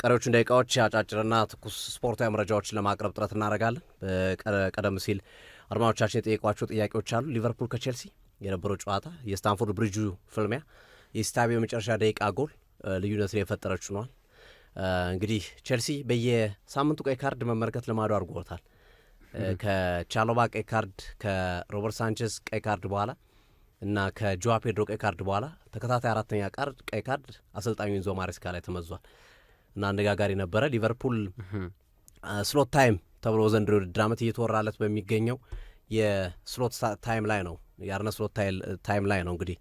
ቀሪዎቹን ደቂቃዎች አጫጭርና ትኩስ ስፖርታዊ መረጃዎችን ለማቅረብ ጥረት እናደርጋለን። ቀደም ሲል አድማጮቻችን የጠየቋቸው ጥያቄዎች አሉ። ሊቨርፑል ከቼልሲ የነበረው ጨዋታ፣ የስታንፎርድ ብሪጁ ፍልሚያ፣ የስታቢዮ የመጨረሻ ደቂቃ ጎል ልዩነትን የፈጠረች ነዋል። እንግዲህ ቼልሲ በየሳምንቱ ቀይ ካርድ መመልከት ልማዱ አድርጎታል። ከቻሎባ ቀይ ካርድ፣ ከሮበርት ሳንቼዝ ቀይ ካርድ በኋላ እና ከጆዋ ፔድሮ ቀይ ካርድ በኋላ ተከታታይ አራተኛ ቀይ ካርድ አሰልጣኙ ኢንዞ ማሬስካ ላይ ተመዟል። እና አነጋጋሪ ነበረ። ሊቨርፑል ስሎት ታይም ተብሎ ዘንድሮ የውድድር ዓመት እየተወራለት በሚገኘው የስሎት ታይም ላይ ነው የአርነ ስሎት ታይም ላይ ነው እንግዲህ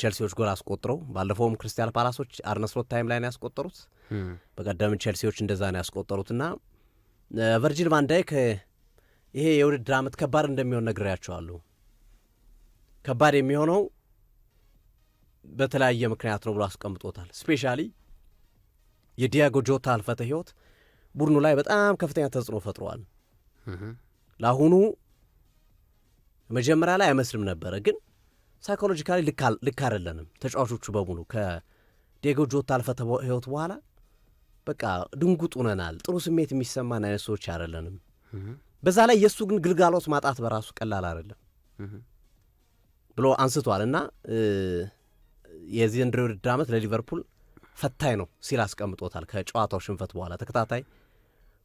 ቸልሲዎች ጎል አስቆጥረው ባለፈውም ክርስቲያን ፓላሶች አርነ ስሎት ታይም ላይ ነው ያስቆጠሩት። በቀደም ቸልሲዎች እንደዛ ነው ያስቆጠሩት እና ቨርጂል ቫን ይሄ የውድድር ዓመት ከባድ እንደሚሆን ነግሬያቸዋለሁ። ከባድ የሚሆነው በተለያየ ምክንያት ነው ብሎ አስቀምጦታል። ስፔሻሊ የዲያጎ ጆታ አልፈተ ህይወት ቡድኑ ላይ በጣም ከፍተኛ ተጽዕኖ ፈጥሯል። ለአሁኑ መጀመሪያ ላይ አይመስልም ነበረ፣ ግን ሳይኮሎጂካሊ ልክ አይደለንም። ተጫዋቾቹ በሙሉ ከዲያጎ ጆታ አልፈተ ህይወት በኋላ በቃ ድንጉጥ ሆነናል። ጥሩ ስሜት የሚሰማን አይነት ሰዎች አይደለንም። በዛ ላይ የእሱ ግን ግልጋሎት ማጣት በራሱ ቀላል አይደለም ብሎ አንስቷል እና የዘንድሮው ውድድር ዓመት ለሊቨርፑል ፈታኝ ነው ሲል አስቀምጦታል። ከጨዋታው ሽንፈት በኋላ ተከታታይ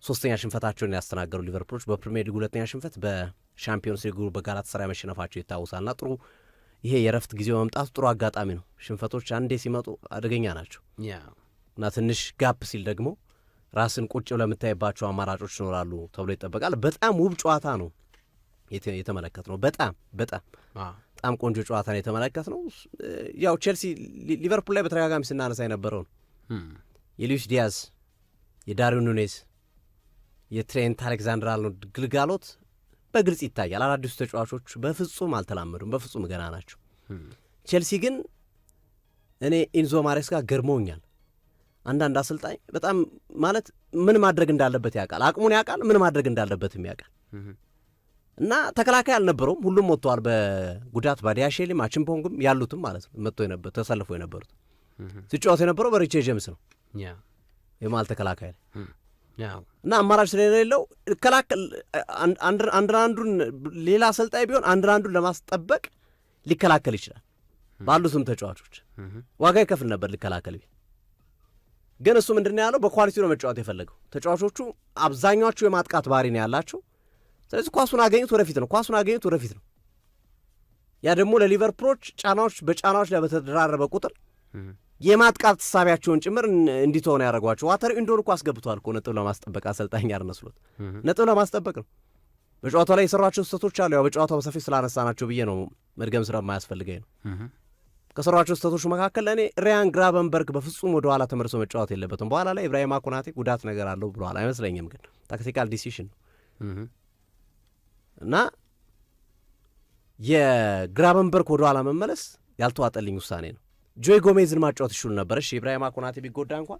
ሶስተኛ ሽንፈታቸውን ያስተናገሩ ሊቨርፑሎች በፕሪምየር ሊግ ሁለተኛ ሽንፈት በሻምፒዮንስ በጋላት በጋላታሳራይ መሸነፋቸው ና ጥሩ ይሄ የረፍት ጊዜው መምጣቱ ጥሩ አጋጣሚ ነው። ሽንፈቶች አንዴ ሲመጡ አደገኛ ናቸው እና ትንሽ ጋፕ ሲል ደግሞ ራስን ቁጭ ለምታይባቸው የምታይባቸው አማራጮች ይኖራሉ ተብሎ ይጠበቃል። በጣም ውብ ጨዋታ ነው የተመለከት ነው። በጣም በጣም በጣም ቆንጆ ጨዋታ ነው የተመለከት ነው። ያው ቼልሲ ሊቨርፑል ላይ በተደጋጋሚ ስናነሳ የነበረውን የሉዊስ ዲያዝ የዳርዊን ኑኔዝ የትሬንት አሌክዛንደር አርኖልድ ግልጋሎት በግልጽ ይታያል። አዳዲሱ ተጫዋቾች በፍጹም አልተላመዱም፣ በፍጹም ገና ናቸው። ቼልሲ ግን እኔ ኢንዞ ማሬስካ ገርመውኛል? አንዳንድ አሰልጣኝ በጣም ማለት ምን ማድረግ እንዳለበት ያውቃል፣ አቅሙን ያውቃል፣ ምን ማድረግ እንዳለበትም ያውቃል። እና ተከላካይ አልነበረውም። ሁሉም ወጥተዋል በጉዳት ባዲያሼሊ፣ ማችምፖንግም ያሉትም ማለት ነው መጥቶ የነበሩ ተሰልፎ የነበሩት ሲጫወት የነበረው በሪቼ ጀምስ ነው የማል ተከላካይ እና አማራጭ ስለሌለው አንድ አንዱን ሌላ አሰልጣኝ ቢሆን አንድ አንዱን ለማስጠበቅ ሊከላከል ይችላል። ባሉትም ተጫዋቾች ዋጋ ይከፍል ነበር ሊከላከል ቢል ግን እሱ ምንድን ነው ያለው? በኳሊቲ ነው መጫወት የፈለገው። ተጫዋቾቹ አብዛኛዎቹ የማጥቃት ባህሪ ነው ያላቸው ስለዚህ ኳሱን አገኙት ወደፊት ነው፣ ኳሱን አገኙት ወደፊት ነው። ያ ደግሞ ለሊቨርፑሎች ጫናዎች በጫናዎች ላይ በተደራረበ ቁጥር የማጥቃት ተሳቢያቸውን ጭምር እንዲተሆነ ያደረጓቸው። ዋተር እንዶን እኮ አስገብተዋል እኮ ነጥብ ለማስጠበቅ አሰልጣኝ ያርነስሎት ነጥብ ለማስጠበቅ ነው። በጨዋታው ላይ የሰሯቸው ስህተቶች አሉ። ያው በጨዋታው በሰፊ ስላነሳ ናቸው ብዬ ነው መድገም ስራ የማያስፈልገኝ ነው። ከሰሯቸው ስህተቶች መካከል ለእኔ ሪያን ግራቨንበርግ በፍጹም ወደ ኋላ ተመልሶ መጫወት የለበትም። በኋላ ላይ ኢብራሂማ ኮናቴ ጉዳት ነገር አለው ብለዋል አይመስለኝም፣ ግን ታክቲካል ዲሲሽን ነው እና የግራ ወደ ኋላ መመለስ ያልተዋጠልኝ ውሳኔ ነው። ጆይ ጎሜዝን ማጫወት ይሹል ነበረ። እሺ ኢብራሂማ ኮናቴ ቢጎዳ እንኳን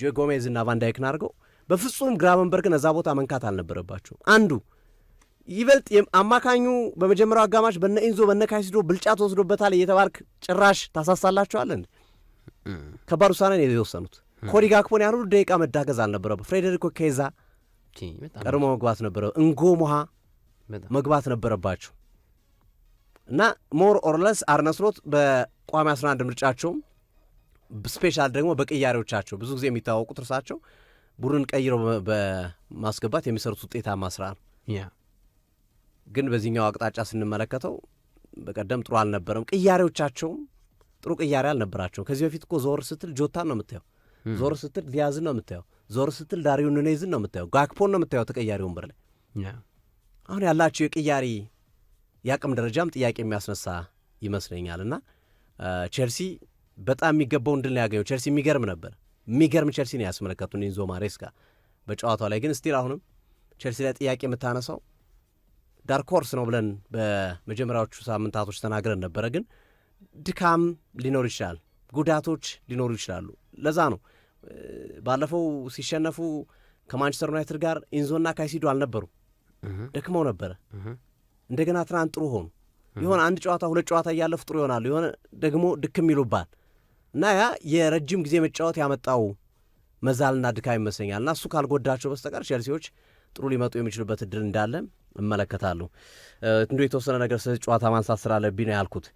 ጆይ ጎሜዝ እና ቫንዳይክን አድርገው በፍጹም ግራቨንበርግን እዛ ቦታ መንካት አልነበረባቸውም። አንዱ ይበልጥ አማካኙ በመጀመሪያው አጋማሽ በነ ኢንዞ በነ ካይሲዶ ብልጫ ተወስዶበታል እየተባልክ ጭራሽ ታሳሳላቸዋል። እንዲ ከባድ ውሳኔ ነው የወሰኑት። ኮዲ ጋክፖን ያሉ ደቂቃ መዳገዝ አልነበረ። ፍሬደሪኮ ኬዛ ቀድሞ መግባት ነበረ። እንጎ ሙሃ መግባት ነበረባቸው እና ሞር ኦርለስ አርነስሎት በቋሚ 11 ምርጫቸውም ስፔሻል ደግሞ በቅያሬዎቻቸው ብዙ ጊዜ የሚታወቁት እርሳቸው ቡድን ቀይረው በማስገባት የሚሰሩት ውጤታማ ስራ ነው። ግን በዚህኛው አቅጣጫ ስንመለከተው በቀደም ጥሩ አልነበረም። ቅያሬዎቻቸውም ጥሩ ቅያሬ አልነበራቸውም። ከዚህ በፊት እኮ ዞር ስትል ጆታን ነው የምታየው፣ ዞር ስትል ዲያዝን ነው የምታየው፣ ዞር ስትል ዳርዊን ኑኔዝን ነው የምታየው፣ ጋክፖን ነው የምታየው ተቀያሪ ወንበር ላይ አሁን ያላቸው የቅያሪ የአቅም ደረጃም ጥያቄ የሚያስነሳ ይመስለኛል እና ቼልሲ በጣም የሚገባው እንድል ያገኘው ቼልሲ የሚገርም ነበር። የሚገርም ቼልሲ ነው ያስመለከቱ ኢንዞ ማሬስካ በጨዋታው ላይ ግን ስቲል አሁንም ቼልሲ ላይ ጥያቄ የምታነሳው ዳርክ ሆርስ ነው ብለን በመጀመሪያዎቹ ሳምንታቶች ተናግረን ነበረ። ግን ድካም ሊኖር ይችላል፣ ጉዳቶች ሊኖሩ ይችላሉ። ለዛ ነው ባለፈው ሲሸነፉ ከማንቸስተር ዩናይትድ ጋር ኢንዞና ካይሲዶ አልነበሩም። ደክመው ነበረ። እንደገና ትናንት ጥሩ ሆኑ። የሆነ አንድ ጨዋታ ሁለት ጨዋታ እያለ ጥሩ ይሆናሉ። የሆነ ደግሞ ድክም ይሉባል እና ያ የረጅም ጊዜ መጫወት ያመጣው መዛልና ድካም ይመስለኛል። እና እሱ ካልጎዳቸው በስተቀር ቼልሲዎች ጥሩ ሊመጡ የሚችሉበት እድል እንዳለ እመለከታለሁ። እንዲሁ የተወሰነ ነገር ጨዋታ ማንሳት ስላለብኝ ነው ያልኩት።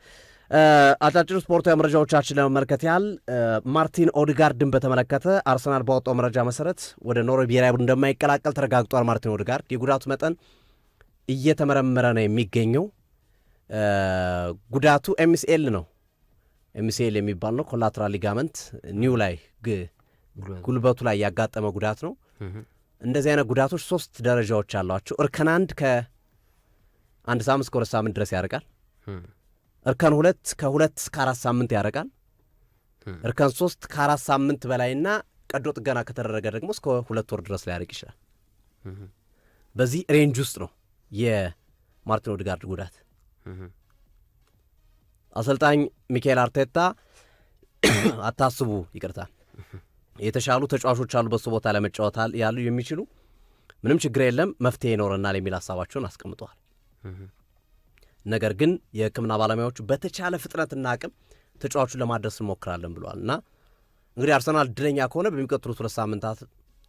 አጫጭር ስፖርታዊ መረጃዎቻችን ለመመልከት ያህል ማርቲን ኦድጋርድን በተመለከተ አርሰናል ባወጣው መረጃ መሰረት ወደ ኖሮ ብሔራዊ ቡድን እንደማይቀላቀል ተረጋግጧል። ማርቲን ኦድጋርድ የጉዳቱ መጠን እየተመረመረ ነው የሚገኘው። ጉዳቱ ኤምሲኤል ነው፣ ኤምሲኤል የሚባል ነው። ኮላትራል ሊጋመንት ኒው ላይ ጉልበቱ ላይ ያጋጠመ ጉዳት ነው። እንደዚህ አይነት ጉዳቶች ሶስት ደረጃዎች አሏቸው። እርከን አንድ ከአንድ ሳምንት እስከ ሁለት ሳምንት ድረስ ያርቃል። እርከን ሁለት ከሁለት እስከ አራት ሳምንት ያረቃል። እርከን ሶስት ከአራት ሳምንት በላይና ቀዶ ጥገና ከተደረገ ደግሞ እስከ ሁለት ወር ድረስ ሊያደርግ ይችላል። በዚህ ሬንጅ ውስጥ ነው የማርቲን ኦድጋርድ ጉዳት። አሰልጣኝ ሚካኤል አርቴታ አታስቡ፣ ይቅርታ የተሻሉ ተጫዋቾች አሉ በሱ ቦታ ለመጫወት ያሉ የሚችሉ ምንም ችግር የለም መፍትሄ ይኖረናል የሚል ሀሳባቸውን አስቀምጠዋል። ነገር ግን የህክምና ባለሙያዎቹ በተቻለ ፍጥነትና አቅም ተጫዋቹን ለማድረስ እንሞክራለን ብለዋል እና እንግዲህ አርሰናል እድለኛ ከሆነ በሚቀጥሉት ሁለት ሳምንታት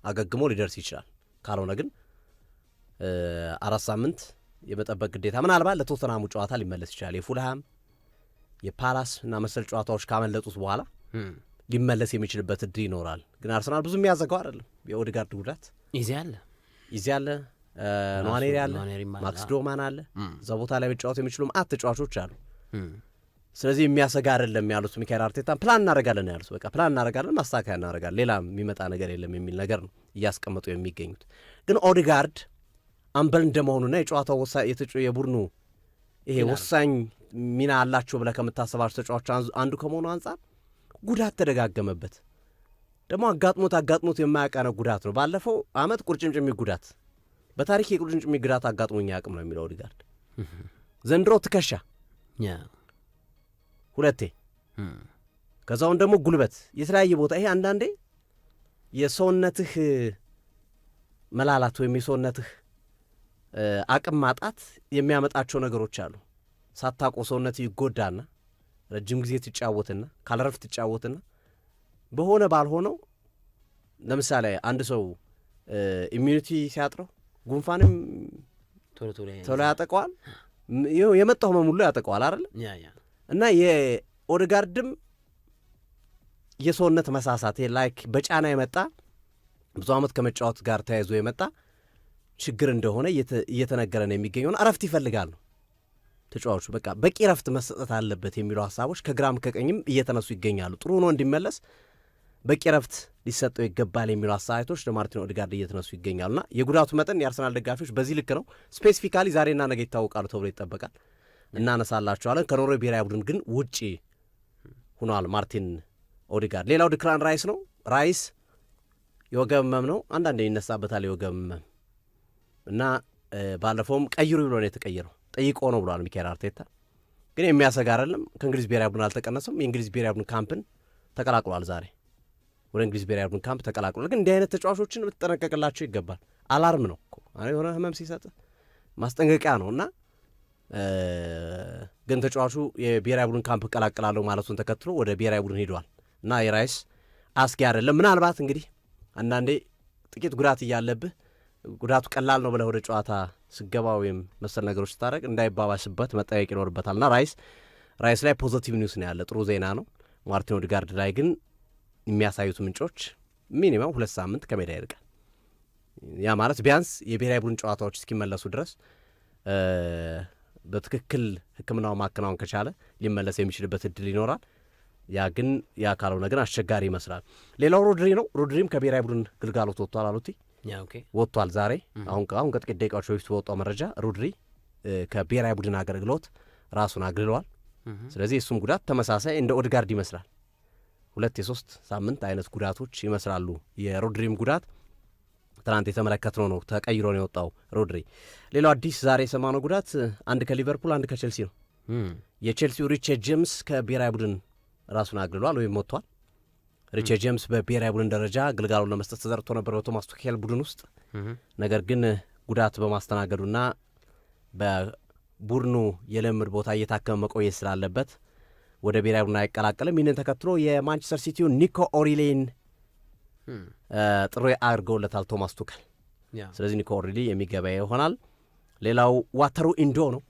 አገግሞ ሊደርስ ይችላል። ካልሆነ ግን አራት ሳምንት የመጠበቅ ግዴታ ምናልባት ለቶተናሙ ጨዋታ ሊመለስ ይችላል። የፉልሃም የፓላስ እና መሰል ጨዋታዎች ካመለጡት በኋላ ሊመለስ የሚችልበት እድል ይኖራል። ግን አርሰናል ብዙ የሚያዘገው አይደለም። የኦድጋርድ ጉዳት ይዜ አለ ይዜ አለ ኗኔሪ አለ፣ ማክስ ዶማን አለ። እዛ ቦታ ላይ መጫወት የሚችሉ ማአት ተጫዋቾች አሉ። ስለዚህ የሚያሰጋ አይደለም ያሉት ሚካኤል አርቴታ ፕላን እናደርጋለን ያሉት በቃ ፕላን እናደርጋለን፣ ማስተካከያ እናደርጋለን፣ ሌላ የሚመጣ ነገር የለም የሚል ነገር ነው እያስቀመጡ የሚገኙት። ግን ኦድጋርድ አምበል እንደመሆኑና የጨዋታው የቡድኑ ይሄ ወሳኝ ሚና አላቸው ብለህ ከምታሰባቸው ተጫዋቾች አንዱ ከመሆኑ አንጻር ጉዳት ተደጋገመበት። ደግሞ አጋጥሞት አጋጥሞት የማያቀነ ጉዳት ነው። ባለፈው አመት ቁርጭምጭሚ ጉዳት በታሪክ የቁርጭምጭሚ ግራት አጋጥሞኝ አቅም ነው የሚለው ኦዲጋርድ። ዘንድሮ ትከሻ ሁለቴ፣ ከዛውን ደግሞ ጉልበት፣ የተለያየ ቦታ ይሄ አንዳንዴ የሰውነትህ መላላት ወይም የሰውነትህ አቅም ማጣት የሚያመጣቸው ነገሮች አሉ። ሳታቆ ሰውነት ይጎዳና ረጅም ጊዜ ትጫወትና ካለረፍ ትጫወትና በሆነ ባልሆነው ለምሳሌ አንድ ሰው ኢሚዩኒቲ ሲያጥረው ጉንፋንም ቶሎ ያጠቀዋል። የመጣው ህመም ሁሉ ያጠቀዋል አይደለ እና የኦደጋርድም የሰውነት መሳሳት ላይክ በጫና የመጣ ብዙ ዓመት ከመጫወት ጋር ተያይዞ የመጣ ችግር እንደሆነ እየተነገረ ነው የሚገኘው። እረፍት ይፈልጋል ነው ተጫዋቹ በቃ በቂ እረፍት መሰጠት አለበት የሚሉ ሀሳቦች ከግራም ከቀኝም እየተነሱ ይገኛሉ። ጥሩ ሆኖ እንዲመለስ በቂ ረፍት ሊሰጠው ይገባል የሚሉ አስተያየቶች ለማርቲን ኦድጋርድ እየተነሱ ይገኛሉ። ና የጉዳቱ መጠን የአርሰናል ደጋፊዎች በዚህ ልክ ነው። ስፔሲፊካሊ ዛሬና ነገ ይታወቃሉ ተብሎ ይጠበቃል። እናነሳላቸዋለን። ከኖሮ ብሔራዊ ቡድን ግን ውጪ ሁኗል ማርቲን ኦድጋርድ። ሌላው ድክላን ራይስ ነው። ራይስ የወገብ ህመም ነው፣ አንዳንድ ይነሳበታል የወገብ ህመም እና ባለፈውም ቀይሩ ብሎ ነው የተቀየረው። ጠይቆ ነው ብሏል ሚካኤል አርቴታ። ግን የሚያሰጋ አይደለም። ከእንግሊዝ ብሔራዊ ቡድን አልተቀነሰም። የእንግሊዝ ብሔራዊ ቡድን ካምፕን ተቀላቅሏል ዛሬ ወደ እንግሊዝ ብሔራዊ ቡድን ካምፕ ተቀላቅሏል። ግን እንዲህ አይነት ተጫዋቾችን ብትጠነቀቅላቸው ይገባል። አላርም ነው እኮ የሆነ ህመም ሲሰጥ ማስጠንቀቂያ ነው እና ግን ተጫዋቹ የብሔራዊ ቡድን ካምፕ እቀላቅላለሁ ማለቱን ተከትሎ ወደ ብሔራዊ ቡድን ሄደዋል እና የራይስ አስጊ አይደለም። ምናልባት እንግዲህ አንዳንዴ ጥቂት ጉዳት እያለብህ ጉዳቱ ቀላል ነው ብለህ ወደ ጨዋታ ስገባ ወይም መሰል ነገሮች ስታደረግ እንዳይባባስበት መጠያየቅ ይኖርበታል እና ራይስ ራይስ ላይ ፖዘቲቭ ኒውስ ነው ያለ ጥሩ ዜና ነው። ማርቲን ኦድጋርድ ላይ ግን የሚያሳዩት ምንጮች ሚኒማም ሁለት ሳምንት ከሜዳ ይርቃል። ያ ማለት ቢያንስ የብሔራዊ ቡድን ጨዋታዎች እስኪመለሱ ድረስ በትክክል ሕክምናው ማከናወን ከቻለ ሊመለስ የሚችልበት እድል ይኖራል። ያ ግን ያ ካልሆነ ግን አስቸጋሪ ይመስላል። ሌላው ሮድሪ ነው። ሮድሪም ከብሔራዊ ቡድን ግልጋሎት ወጥቷል። አሉቲ ወጥቷል ዛሬ አሁን አሁን ከጥቂት ደቂቃዎች በፊት በወጣው መረጃ ሮድሪ ከብሔራዊ ቡድን አገልግሎት ራሱን አግልሏል። ስለዚህ እሱም ጉዳት ተመሳሳይ እንደ ኦድጋርድ ይመስላል። ሁለት የሶስት ሳምንት አይነት ጉዳቶች ይመስላሉ። የሮድሪም ጉዳት ትናንት የተመለከትነው ነው፣ ተቀይሮ ነው የወጣው ሮድሪ። ሌላው አዲስ ዛሬ የሰማነው ጉዳት አንድ ከሊቨርፑል አንድ ከቼልሲ ነው። የቼልሲው ሪቼ ጄምስ ከብሔራዊ ቡድን ራሱን አግልሏል ወይም ወጥቷል። ሪቼ ጄምስ በብሔራዊ ቡድን ደረጃ ግልጋሎት ለመስጠት ተዘርቶ ነበር በቶማስ ቱኬል ቡድን ውስጥ ነገር ግን ጉዳት በማስተናገዱና በቡድኑ የልምድ ቦታ እየታከመ መቆየት ስላለበት ወደ ብሔራዊ ቡድን አይቀላቀልም። ይህንን ተከትሎ የማንቸስተር ሲቲው ኒኮ ኦሪሌን hmm. ጥሪ አድርገውለታል ቶማስ ቱከል። ስለዚህ ኒኮ ኦሪሊ የሚገባ ይሆናል። ሌላው ዋተሩ ኢንዶ ነው።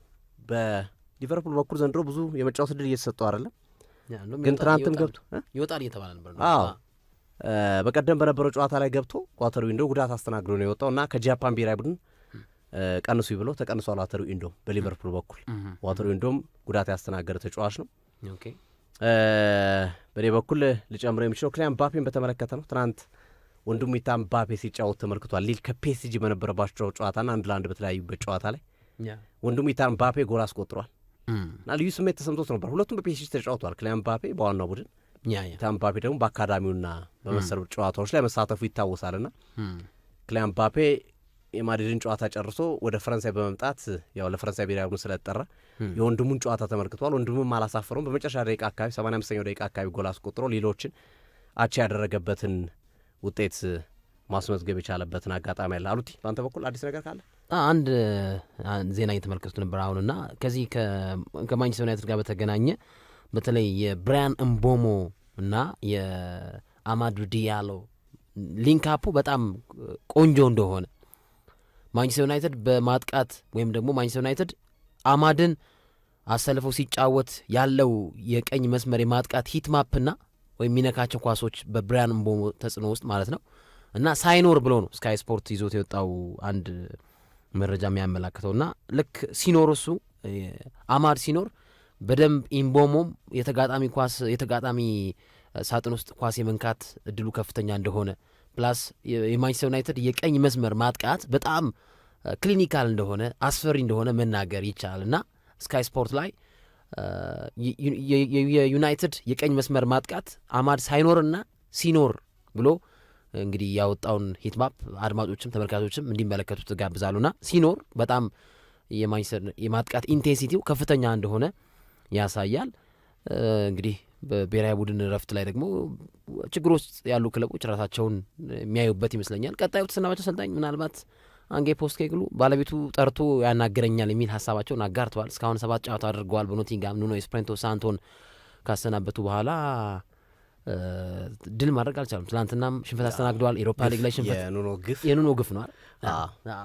በሊቨርፑል በኩል ዘንድሮ ብዙ የመጫወት እድል እየተሰጠው አይደለም፣ ግን ትናንትም ገብቶ ይወጣል እየተባለ ነበር። በቀደም በነበረው ጨዋታ ላይ ገብቶ ዋተሩ ኢንዶ ጉዳት አስተናግዶ ነው የወጣው እና ከጃፓን ብሔራዊ ቡድን ቀንሱ ብሎ ተቀንሷል። ዋተሩ ኢንዶ በሊቨርፑል በኩል ዋተሩ ኢንዶም ጉዳት ያስተናገደ ተጫዋች ነው። በእኔ በኩል ልጨምረው የምችለው ክሊያን ባፔን በተመለከተ ነው። ትናንት ወንድሙ ኢታ ባፔ ሲጫወት ተመልክቷል። ሊል ከፒኤስጂ በነበረባቸው ጨዋታና አንድ ለአንድ በተለያዩበት ጨዋታ ላይ ወንድሙ ኢታ ባፔ ጎል አስቆጥሯል እና ልዩ ስሜት ተሰምቶት ነበር። ሁለቱም በፒኤስጂ ተጫውተዋል። ክሊያን ባፔ በዋናው ቡድን ኢታን ባፔ ደግሞ በአካዳሚውና በመሰሉ ጨዋታዎች ላይ መሳተፉ ይታወሳልና ክሊያን ባፔ የማድሪድን ጨዋታ ጨርሶ ወደ ፈረንሳይ በመምጣት ያው ለፈረንሳይ ብሔራዊ ቡድን ስለጠራ የወንድሙን ጨዋታ ተመልክቷል። ወንድሙም አላሳፈረውም። በመጨረሻ ደቂቃ አካባቢ 85ኛው ደቂቃ አካባቢ ጎል አስቆጥሮ ሌሎችን አቻ ያደረገበትን ውጤት ማስመዝገብ የቻለበትን አጋጣሚ ያለ። አሉቲ በአንተ በኩል አዲስ ነገር ካለ? አንድ ዜና እየተመለከቱ ነበር አሁንና ከዚህ ከማንቸስተር ዩናይትድ ጋር በተገናኘ በተለይ የብራያን እምቦሞ እና የአማዱ ዲያሎ ሊንካፑ በጣም ቆንጆ እንደሆነ ማንቸስተር ዩናይትድ በማጥቃት ወይም ደግሞ ማንቸስተር ዩናይትድ አማድን አሰልፎ ሲጫወት ያለው የቀኝ መስመር የማጥቃት ሂትማፕና ወይም የሚነካቸው ኳሶች በብሪያን ምቦሞ ተጽዕኖ ውስጥ ማለት ነው እና ሳይኖር ብሎ ነው ስካይ ስፖርት ይዞት የወጣው አንድ መረጃ የሚያመላክተው እና ልክ ሲኖር እሱ አማድ ሲኖር በደንብ ኢምቦሞም የተጋጣሚ ኳስ የተጋጣሚ ሳጥን ውስጥ ኳስ የመንካት እድሉ ከፍተኛ እንደሆነ ፕላስ የማንቸስተር ዩናይትድ የቀኝ መስመር ማጥቃት በጣም ክሊኒካል እንደሆነ አስፈሪ እንደሆነ መናገር ይቻላል እና ስካይ ስፖርት ላይ የዩናይትድ የቀኝ መስመር ማጥቃት አማድ ሳይኖርና ሲኖር ብሎ እንግዲህ ያወጣውን ሂትማፕ አድማጮችም ተመልካቾችም እንዲመለከቱት ጋብዛሉና ሲኖር በጣም የማንቸስተር የማጥቃት ኢንቴንሲቲው ከፍተኛ እንደሆነ ያሳያል። እንግዲህ በብሔራዊ ቡድን እረፍት ላይ ደግሞ ችግር ውስጥ ያሉ ክለቦች ራሳቸውን የሚያዩበት ይመስለኛል። ቀጣዩ ተሰናባቸው አሰልጣኝ ምናልባት አንጌ ፖስት ባለቤቱ ጠርቶ ያናገረኛል የሚል ሀሳባቸውን አጋርተዋል። እስካሁን ሰባት ጨዋታ አድርገዋል። በኖቲንጋም ኑኖ ኤስፕሬንቶ ሳንቶን ካሰናበቱ በኋላ ድል ማድረግ አልቻሉም። ትናንትናም ሽንፈት አስተናግደዋል። ኤሮፓ ሊግ ላይ ሽንፈት የኑኖ ግፍ ነዋል።